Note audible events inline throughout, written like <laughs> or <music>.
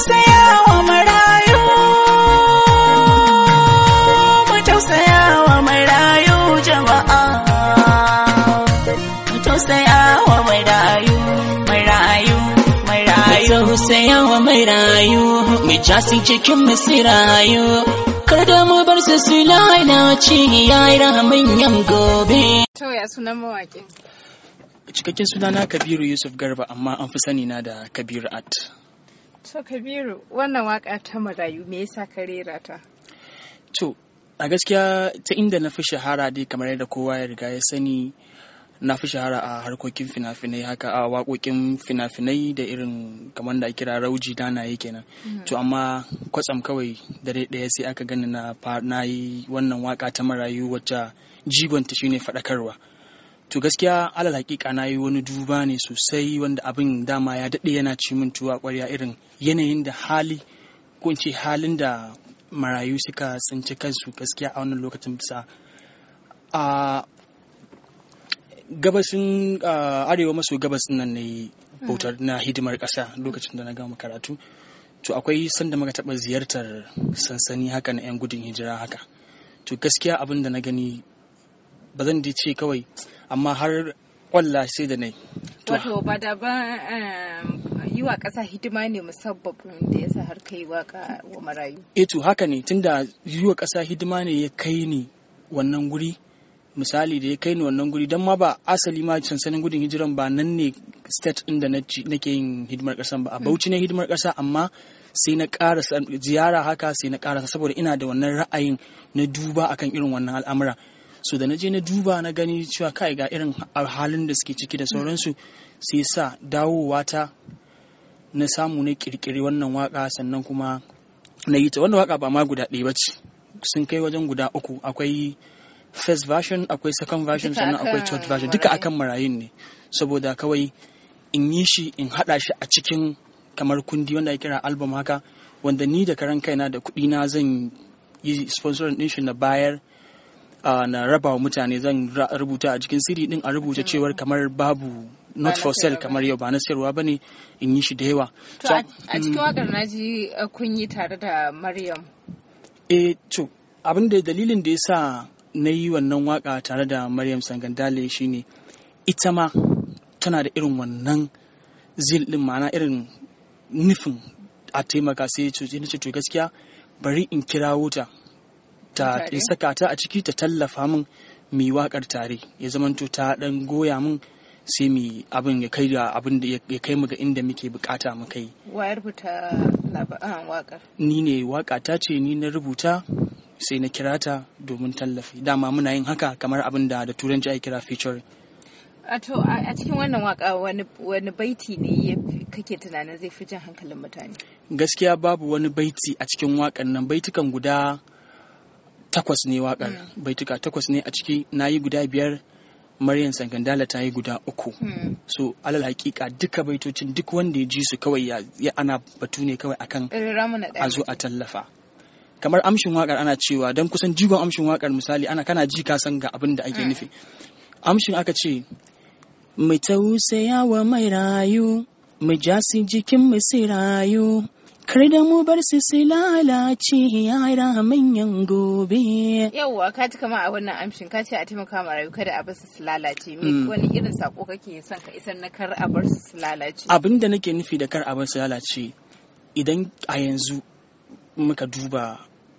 tausayawa marayu mu marayu jasi cikin misirayu kada mu bar su lalace gobe to ya cikakken sunana kabiru yusuf garba amma an fi sani na da kabiru art To Kabiru, wannan waka ta marayu me yasa ka rera ta? To, a gaskiya ta inda na fi shahara dai kamar yadda kowa ya riga ya sani na fi shahara a harkokin fina-finai haka a waƙoƙin fina-finai da irin kamar da kira rauji dana yake kenan mm-hmm. to amma kwatsam kawai dare ɗaya sai aka gani na yi wannan waka ta marayu wacce jigonta shine faɗakarwa to gaskiya alal hakika na yi wani duba ne sosai wanda abin dama ya daɗe yana ci min tuwa ƙwarya irin yanayin da hali ko in ce halin da marayu suka tsinci kansu gaskiya a wannan lokacin bisa a gabashin arewa maso gabas nan ne bautar na hidimar ƙasa lokacin da na gama karatu to akwai sanda muka taɓa ziyartar sansani haka na 'yan gudun hijira haka to gaskiya abin da na gani ba zan ce kawai amma har kwalla sai da nai wato ba da ba yi wa ƙasa hidima ne musabbabin da ya sa har kai waka wa marayu eh haka ne tunda yi wa ƙasa hidima ne ya kai ni wannan guri misali da ya kai ni wannan guri don ma ba asali ma sansanin gudun hijiran ba nan ne state inda nake yin hidimar ƙasan ba a hmm. bauchi ne hidimar kasa amma sai na ƙara ziyara haka sai na ƙara saboda ina da wannan ra'ayin na duba akan irin wannan al'amura Su da na je na duba na gani cewa kai ga irin halin da suke ciki da sauransu sai sa dawowa ta na samu na kirkiri wannan waka sannan kuma na yi ta wannan waka ba ma guda ɗaya ba ce sun kai wajen guda uku akwai first version akwai second version sannan akwai third version duka akan marayun ne saboda kawai in yi shi in haɗa shi a cikin kamar kundi wanda ya kira album haka wanda ni da karan kaina da kuɗi na zan yi sponsorin ɗin shi na bayar na raba wa mutane zan rubuta a cikin siri din a rubuta cewar kamar babu not for sale kamar yau ba na sayarwa ba ne in yi shi da yawa. To a mm, cikin wakar na ji eh, kun yi tare da Maryam. Eh to abin da dalilin da ya sa na yi wannan waka tare da Maryam Sangandale shine ita ma tana da irin wannan zil din ma'ana irin nufin a taimaka sai ya ce to gaskiya bari in kirawo ta ta saka ta a ciki ta tallafa min mai wakar tare ya zamanto ta dan goya min sai mu abin ya kai da abin da ya kai mu ga inda muke bukata mu kai wayar ta ah, wakar ni ne waka ta ce ni na rubuta sai na kira ta domin tallafi dama muna yin haka kamar abin da da turanci ai kira feature a to a cikin wannan waka wani baiti ne kake tunanin zai fi jan hankalin mutane gaskiya babu wani baiti a cikin wakan nan baitukan guda takwas ne bai hmm. baituka takwas ne a ciki na yi guda biyar Maryam Sangandala ta yi guda uku. Hmm. So alal hakika duka baitocin duk wanda ya ji su kawai ya ana batu ne kawai akan eh, a zo a tallafa. Kamar amshin waƙar ana cewa don kusan jigon amshin waƙar misali ana kana ji ka san ga abin da ake hmm. nufi. Amshin aka ce mu tausaya mai rayu mu jasi jikin sai rayu kar da mu bar su su lalace yara manyan gobe yawwa ka ci kama a wannan amshin ka ce a taimaka ma rayu kada a bar su su lalace me hmm. wani irin sako kake son ka isar na kar a bar su su lalace abin da nake nufi da kar a bar su lalace idan a yanzu muka duba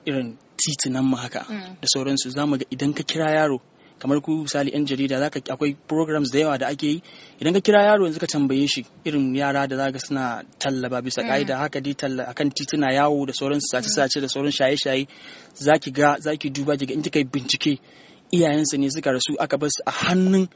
irin titunan mu haka hmm. da sauransu za mu ga idan ka kira yaro kamar ku misali yan jarida zaka akwai programs da yawa da ake yi idan ka kira yaro yanzu ka tambaye shi irin yara da zaka suna tallaba bisa mm. ka'ida haka dai talla akan tituna yawo da sauran sace-sace mm. da sauran shaye-shaye zaki ga zaki duba kiga in kika bincike iyayensa ne suka rasu aka bar su a hannun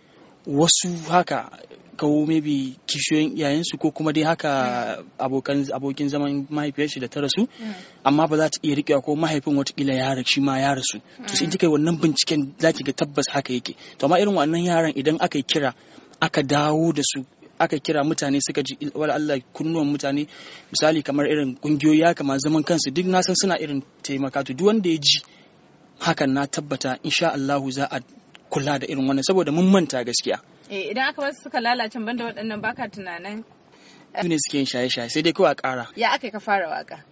wasu haka kawo maybe kishiyoyin iyayensu ko kuma dai haka abokan abokin zaman mahaifiyarsu da ta rasu mm. amma ba za ta iya rikewa ko mahaifin watakila ya shi ma ya rasu to sai kika wannan binciken za ki ga tabbas haka yake to amma irin wannan yaran idan aka kira aka dawo da su aka kira mutane suka ji wala Allah kunnuwan mutane misali kamar irin kungiyoyi haka ma zaman kansu duk na san suna irin taimaka to duk wanda ya ji hakan na tabbata insha Allah za a kula da irin wannan saboda mun manta gaskiya eh, idan aka wasu suka lalace banda waɗannan baka tunanin eh, su ne suke yin shaye-shaye sai dai kawai a ƙara ya aka ka fara waka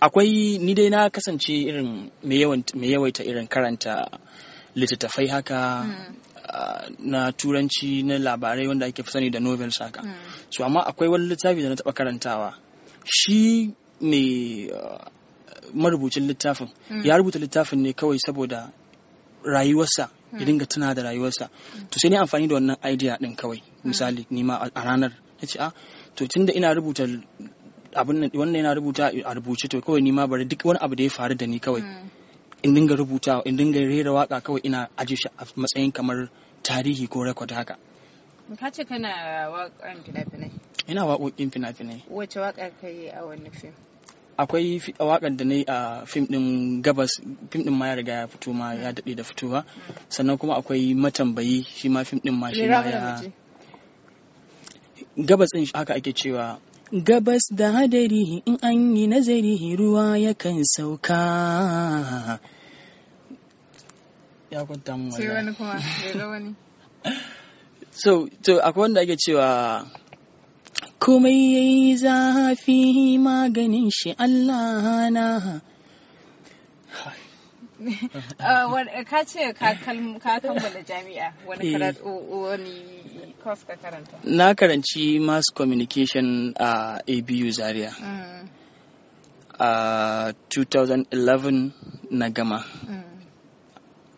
akwai ni dai na kasance irin mai yawaita irin karanta littattafai haka hmm. ah, na turanci na labarai wanda ake fi sani da novels haka hmm. so amma akwai wani littafi da na taɓa karantawa shi mai ah, marubucin littafin hmm. ya rubuta littafin ne kawai saboda rayuwarsa ya dinga tuna da rayuwarsa to sai ni amfani da wannan idea din kawai misali ni ma a ranar na ce a ah, to tunda ina rubuta abin nan wannan yana rubuta a rubuce to kawai ni ma bari duk wani abu da ya faru da ni kawai in dinga rubuta in dinga rera waka kawai ina aje shi a matsayin kamar tarihi ko record haka ka ce kana waƙan fina-finai ina waƙoƙin fina-finai wace waƙa ka yi a wani fim akwai waƙa da na yi a fim din gabas fim din ma ya riga ya fito ma ya daɗe da fitowa sannan kuma akwai matambayi shi ma fim din ma shi ma ya gabas din haka ake cewa gabas da hadari in an yi nazari ruwa yakan sauka ya kwanta mun wani <laughs> so to akwai wanda ake cewa komai ya yi zafi maganin shi Allah na <laughs> uh, uh, ka ce ka kammala jami'a eh. wani course ka karanta na karanci mass communication a abu zaria mm. uh, a 2011 na gama mm.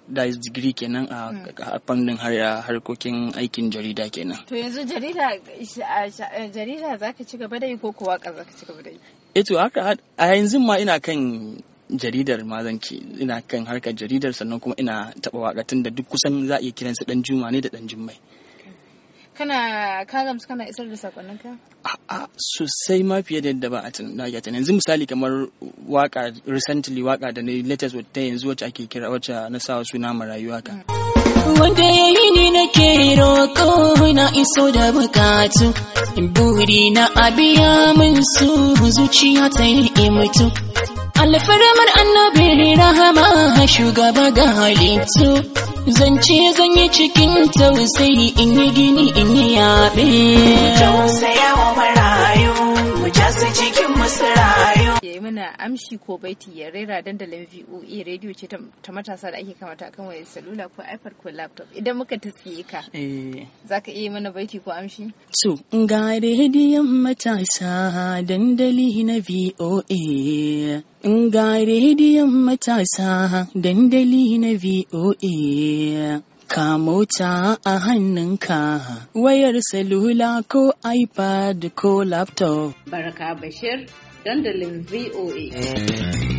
da digiri kenan a hmm. fannin harkokin aikin jarida kenan. To yanzu jarida za ka ci gaba da yi ko kuwa ka za ka ci gaba da yi? Eto eh haka a yanzu ma ina kan jaridar ma zan ce ina kan harkar jaridar sannan kuma ina taɓa waƙatun da duk kusan za a iya kiransu ɗan juma ne da ɗan jummai. kana ka gamsu kana isar da sakonninka a'a sosai ma fiye da yadda ba a tunani yanzu misali kamar waka recently waka da ni, latest wata yanzu wacce ake kira wacce na sawa suna marayuwa ka mm. wanda ya yi ni na ke roƙo na iso da bukatu buri na abiya min su zuciya ta yi mutu alfarmar annabi rahama shugaba ga halittu zance zan yi cikin tausayi in yi gini in yi yaɓe tausayawa marayu mu ja su cikin musulayo. Ya yi mana amshi ko baiti ya rera dandalin VOA rediyo ce ta matasa da ake kamata kan wayar salula ko iPad ko laptop idan muka ta ka. Eh. Za ka iya mana baiti ko amshi? To, ga rediyon matasa dandali na VOA. In ga rediyon matasa dandali na VOA. Ka mota a hannunka, wayar salula ko iPad ko laptop. Baraka Bashir, dandalin VOA.